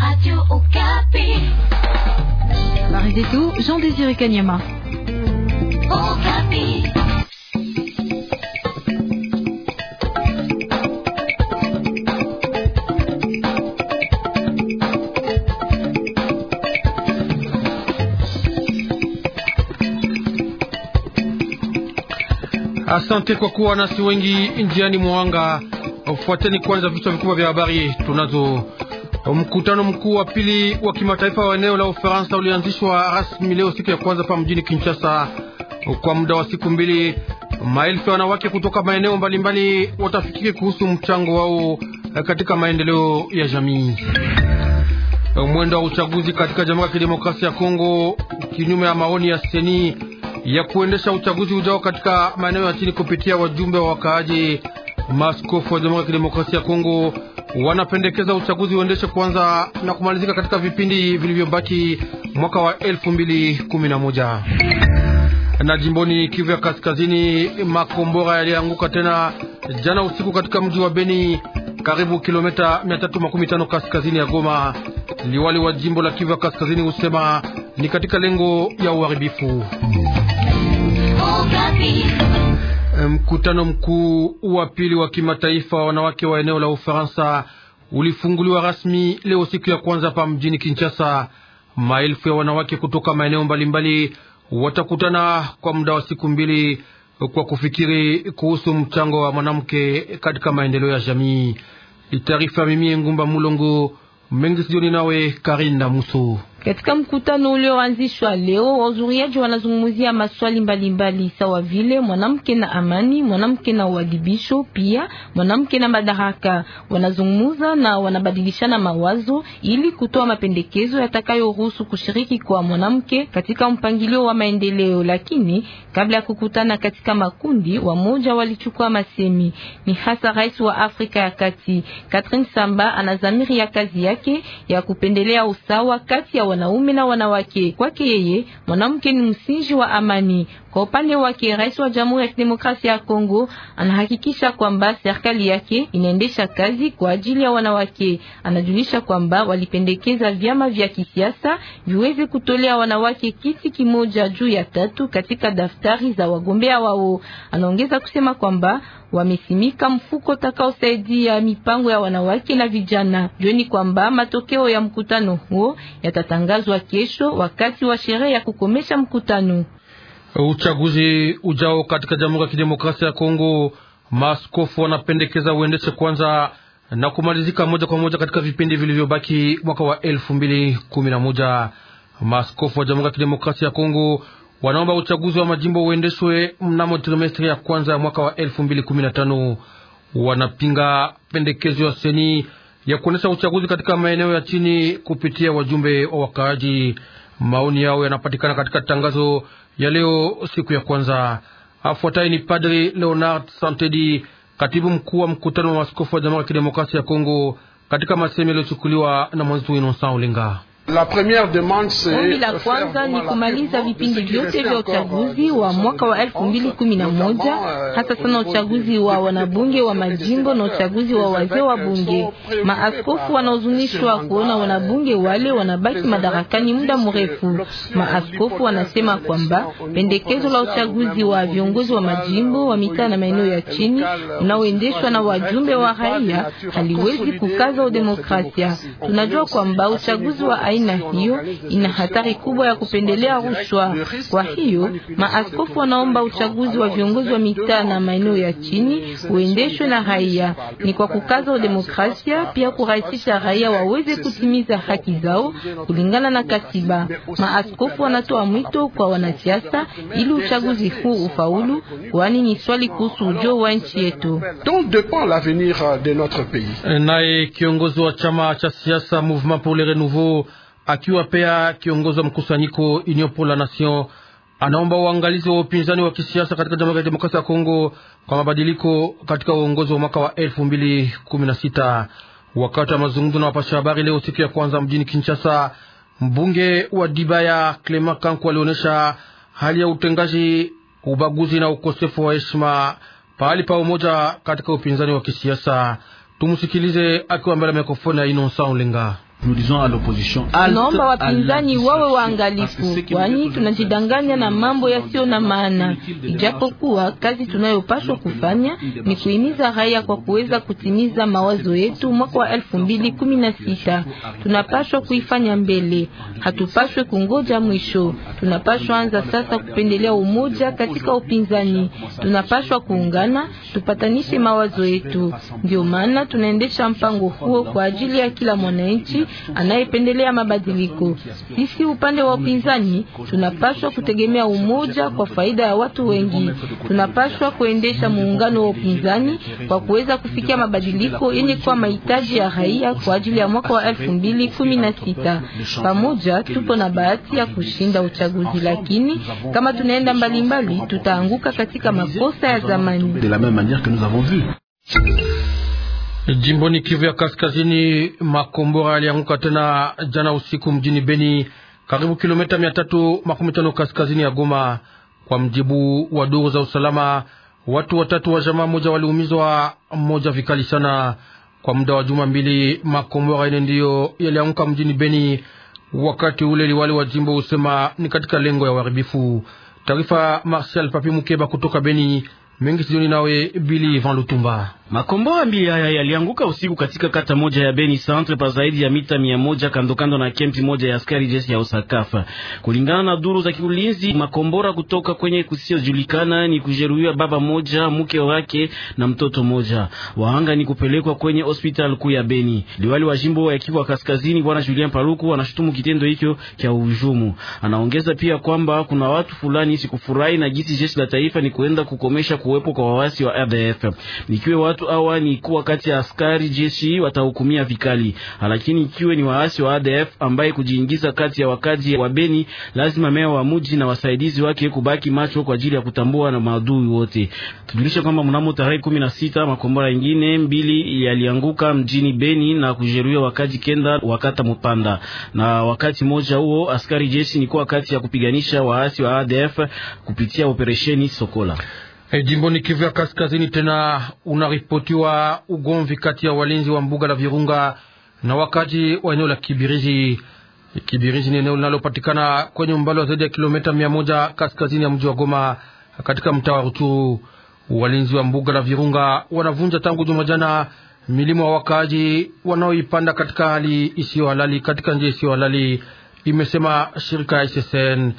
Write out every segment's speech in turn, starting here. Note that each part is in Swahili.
Radio Okapi. Marie Jean-Désiré Kanyama. Okapi. Asante kwa kuwa nasi wengi njiani mwanga. Fuateni kwanza vichwa vikubwa vya habari tunazo Mkutano mkuu wa pili wa kimataifa wa eneo la Ufaransa ulianzishwa rasmi leo siku ya kwanza pa mjini Kinshasa. Kwa muda wa siku mbili, maelfu ya wanawake kutoka maeneo mbalimbali watafikiri kuhusu mchango wao katika maendeleo ya jamii. Mwendo wa uchaguzi katika Jamhuri ya Kidemokrasia ya Kongo, kinyume ya maoni ya seni ya kuendesha uchaguzi ujao katika maeneo ya chini kupitia wajumbe wa wakaaji maskofu wa Jamhuri ya Kidemokrasia ya Kongo wanapendekeza uchaguzi uendeshe kuanza na kumalizika katika vipindi vilivyobaki mwaka wa 2011. Na jimboni Kivu ya Kaskazini, makombora yalianguka tena jana usiku katika mji wa Beni, karibu kilomita 315 kaskazini ya Goma. Liwali wa jimbo la Kivu ya Kaskazini husema ni katika lengo ya uharibifu. Mkutano mkuu wa pili wa kimataifa wa wanawake wa eneo la Ufaransa ulifunguliwa rasmi leo siku ya kwanza pa mjini Kinshasa. Maelfu ya wanawake kutoka maeneo mbalimbali watakutana kwa muda wa siku mbili kwa kufikiri kuhusu mchango wa mwanamke katika maendeleo ya jamii. Taarifa mimi Ngumba Mulongo mengi sijoni nawe na Musu. Katika mkutano ulioanzishwa leo, wazuriaji wanazungumzia maswali mbalimbali mbali, sawa vile mwanamke na amani, mwanamke na uadibisho, pia mwanamke na madaraka. Wanazungumza na wanabadilishana mawazo ili kutoa mapendekezo yatakayoruhusu kushiriki kwa mwanamke katika mpangilio wa maendeleo. Lakini kabla ya kukutana katika makundi, wamoja walichukua masemi. Ni hasa rais wa Afrika ya Kati Catherine Samba anazamiri ya kazi yake ya kupendelea usawa kati ya wanaume na wanawake. Kwake yeye mwanamke ni msingi wa amani. Kwa upande wake, rais wa Jamhuri ya Kidemokrasia ya Kongo anahakikisha kwamba serikali yake inaendesha kazi kwa ajili ya wanawake. Anajulisha kwamba walipendekeza vyama vya kisiasa viweze kutolea wanawake kiti kimoja juu ya tatu katika daftari za wagombea wao. Anaongeza kusema kwamba wamesimika mfuko utakaosaidia mipango ya wanawake na vijana. Jueni kwamba matokeo ya mkutano huo yatatangazwa kesho wakati wa sherehe ya kukomesha mkutano uchaguzi ujao katika Jamhuri ya Kidemokrasia ya Kongo, maaskofu wanapendekeza uendeshe kwanza na kumalizika moja kwa moja katika vipindi vilivyobaki mwaka wa elfu mbili kumi na moja. Maaskofu wa Jamhuri ya Kidemokrasia ya Kongo wanaomba uchaguzi wa majimbo uendeshwe mnamo trimestri ya kwanza ya mwaka wa elfu mbili kumi na tano. Wanapinga pendekezo ya seni ya kuonesha uchaguzi katika maeneo ya chini kupitia wajumbe wa wakaaji. Maoni yao yanapatikana katika tangazo ya leo siku ya kwanza. Afuatayi ni Padri Leonard Santedi, katibu mkuu wa mkutano wa maaskofu wa Jamhuri ya Kidemokrasia ya Kongo, katika masemi yaliyochukuliwa na mwenzetu wino Ulinga. La première demande c'est ombi la kwanza ni kumaliza vipindi vyote vya euh, uchaguzi wa mwaka wa elfu mbili kumi na moja euh, hasa sana uchaguzi wa wanabunge wa majimbo na euh, uchaguzi wa wazee wa bunge. Maaskofu wanaozunishwa kuona wanabunge wale wanabaki madarakani muda mrefu. Maaskofu wanasema kwamba pendekezo la uchaguzi wa viongozi wa majimbo wa mitaa na maeneo ya chini unaoendeshwa na wajumbe wa raia haliwezi kukaza udemokrasia. Tunajua kwamba uchaguzi wa aina hiyo ina hatari kubwa ya kupendelea rushwa. Kwa hiyo maaskofu wanaomba uchaguzi wa viongozi wa mitaa na maeneo ya chini uendeshwe na raia, ni kwa kukaza udemokrasia, pia kurahisisha raia waweze kutimiza haki zao kulingana na katiba. Maaskofu wanatoa mwito kwa wanasiasa ili uchaguzi huu ufaulu, kwani ni swali kuhusu ujo wa nchi yetu. Naye kiongozi wa chama cha siasa Mouvement pour le Renouveau akiwa pea kiongozi wa mkusanyiko inyopo la Nation anaomba uangalizi wa upinzani wa kisiasa katika Jamhuri ya Demokrasia ya Kongo kwa mabadiliko katika uongozi wa mwaka wa elfu mbili kumi na sita. Wakati wa mazungumzo na wapasha habari leo siku ya kwanza mjini Kinshasa, mbunge wa Dibaya Clement Kanku alionyesha hali ya utengaji, ubaguzi na ukosefu wa heshima pahali pa umoja katika upinzani wa kisiasa. Tumsikilize akiwa mbele ya mikrofoni ya Innocent Ulenga. Naomba wapinzani wawe waangalifu, kwani tunajidanganya na mambo yasiyo na maana, ijapokuwa kazi tunayopaswa kufanya ni kuhimiza raia kwa kuweza kutimiza mawazo yetu. Mwaka wa elfu mbili kumi na sita tunapaswa kuifanya mbele, hatupaswe kungoja mwisho. Tunapaswa anza sasa kupendelea umoja katika upinzani, tunapaswa kuungana, tupatanishe mawazo yetu. Ndio maana tunaendesha mpango huo kwa ajili ya kila mwananchi anayependelea mabadiliko. Sisi upande wa upinzani tunapaswa kutegemea umoja kwa faida ya watu wengi. Tunapaswa kuendesha muungano wa upinzani kwa kuweza kufikia mabadiliko yenye kwa mahitaji ya raia kwa ajili ya mwaka wa sita. Pamoja tupo na bahati ya kushinda uchaguzi, lakini kama tunaenda mbalimbali, tutaanguka katika makosa ya zamani. Jimboni Kivu ya Kaskazini, makombora yalianguka tena jana usiku mjini Beni, karibu kilomita mia tatu makumi tano kaskazini ya Goma. Kwa mjibu wa duru za usalama, watu watatu wa jamaa moja waliumizwa, mmoja vikali sana. Kwa muda wa juma mbili, makombora ine ndiyo yalianguka mjini Beni. Wakati ule liwali wa jimbo husema ni katika lengo ya uharibifu. Taarifa Martial Papi Mukeba kutoka Beni. Mengi sijoni nawe Bili Van Lutumba. Makombora mbili haya yalianguka usiku katika kata moja ya Beni Centre pa zaidi ya mita mia moja kandokando na kempi moja ya askari jeshi ya Osakafa. Kulingana na duru za kiulinzi, makombora kutoka kwenye kusiojulikana ni kujeruhiwa baba moja, mke wake na mtoto moja. Waanga ni kupelekwa kwenye hospitali kuu ya Beni. Liwali wa jimbo ya Kivu Kaskazini Bwana Julien Paluku anashutumu kitendo hicho cha uhujumu. Anaongeza pia kwamba kuna watu fulani sikufurahi na jinsi jeshi la taifa ni kuenda kukomesha kuwepo kwa wawasi wa RDF. Nikiwe watu watu hawa ni kuwa kati ya askari jeshi watahukumia vikali, lakini ikiwe ni waasi wa ADF ambaye kujiingiza kati ya wakazi wa Beni, lazima meya wa muji na wasaidizi wake kubaki macho kwa ajili ya kutambua na maadui wote. Tujulishe kwamba mnamo tarehe kumi na sita makombora ingine mbili yalianguka mjini Beni na kujeruhiwa wakazi kenda wakata Mupanda, na wakati moja huo askari jeshi ni kuwa kati ya kupiganisha waasi wa ADF kupitia operesheni Sokola. Hey, eh, jimboni Kivu ya kaskazini tena unaripotiwa ugomvi kati ya walinzi wa mbuga la Virunga na wakazi wa eneo la Kibirizi. Kibirizi ni eneo linalopatikana kwenye umbali wa zaidi ya kilomita mia moja kaskazini ya mji wa Goma katika mtaa wa Ruchuru. Walinzi wa mbuga la Virunga wanavunja tangu juma jana milima wa wakaaji wanaoipanda katika hali isiyo halali, katika njia isiyo halali, imesema shirika ya SSN.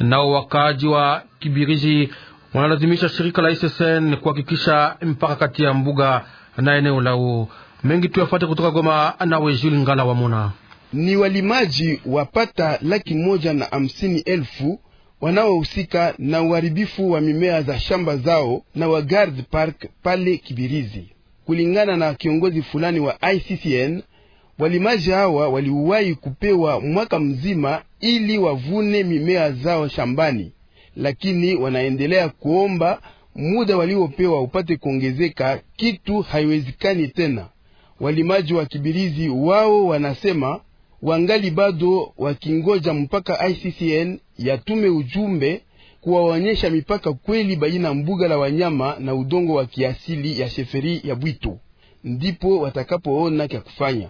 Nao wakaaji wa Kibirizi wanalazimisha shirika la ISSN kuhakikisha mpaka kati ya mbuga na eneo lao. Mengi tuyafuate kutoka Goma na Wejuli Ngala Wamona. Ni walimaji wapata laki moja na hamsini elfu wanaohusika na uharibifu wa mimea za shamba zao na wa wagard park pale Kibirizi. Kulingana na kiongozi fulani wa ICCN, walimaji hawa waliwahi kupewa mwaka mzima ili wavune mimea zao shambani lakini wanaendelea kuomba muda waliopewa upate kuongezeka, kitu haiwezekani tena. Walimaji wa Kibirizi wao wanasema wangali bado wakingoja mpaka ICCN yatume ujumbe kuwaonyesha mipaka kweli baina mbuga la wanyama na udongo wa kiasili ya sheferi ya Bwito, ndipo watakapoona kya kufanya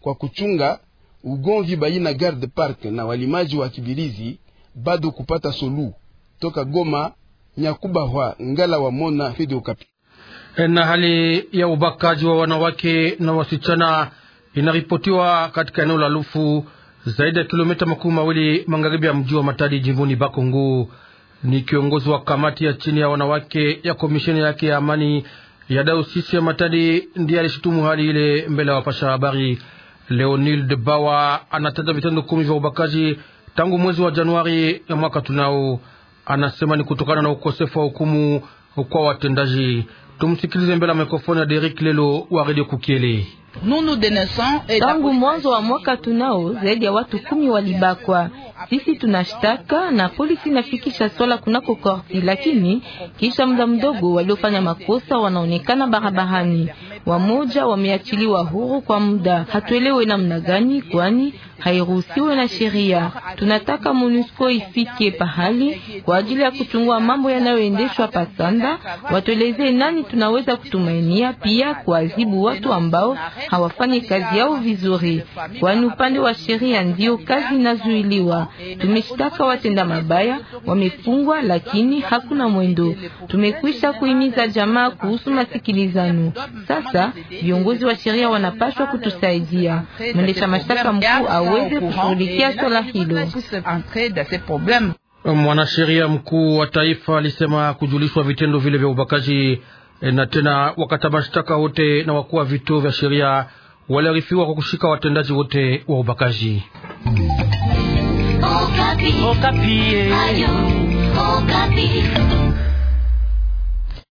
kwa kuchunga ugomvi baina Garde Park na walimaji wa Kibirizi bado kupata suluhu. Toka Goma, Nyakubahwa Ngala wa Mona, Fidi Ukapi. E, na hali ya ubakaji wa wanawake na wasichana inaripotiwa katika eneo la Lufu, zaidi ya kilomita makumi mawili magharibi ya mji wa Matadi, jimboni Bakongo. Ni kiongozi wa kamati ya chini ya wanawake ya komisheni yake ya amani ya dayosisi ya Matadi ndiye alishutumu hali ile mbele ya wapasha habari. Leonil de Bawa anataja vitendo kumi vya ubakaji tangu mwezi wa Januari ya mwaka tunao anasema ni kutokana na ukosefu wa hukumu kwa watendaji. Tumsikilize mbele ya mikrofoni ya Derek Lelo wa Radio Kukiele. Tangu mwanzo wa mwaka tunao zaidi ya watu kumi walibakwa. Sisi tunashtaka na polisi inafikisha swala kunako korti, lakini kisha muda mdogo waliofanya makosa wanaonekana barabarani. Wamoja wameachiliwa huru kwa muda, hatuelewe namna gani, kwani hairuhusiwe na sheria. Tunataka MONUSCO ifike pahali kwa ajili ya kuchungua mambo yanayoendeshwa pasanda, watueleze nani tunaweza kutumainia, pia kuadhibu watu ambao hawafanyi kazi yao vizuri, kwani upande wa sheria ndio kazi inazuiliwa. Tumeshtaka watenda mabaya, wamefungwa, lakini hakuna mwendo. Tumekwisha kuhimiza jamaa kuhusu masikilizano. Sasa viongozi wa sheria wanapaswa kutusaidia. Mwendesha mashtaka mkuu waweze kushughulikia swala hilo. Mwanasheria mkuu wa taifa alisema kujulishwa vitendo vile vya ubakaji e, na tena wakata mashtaka wote na wakuu wa vituo vya sheria waliarifiwa kwa kushika watendaji wote wa ubakaji. Okapi. Okapi. Okapi.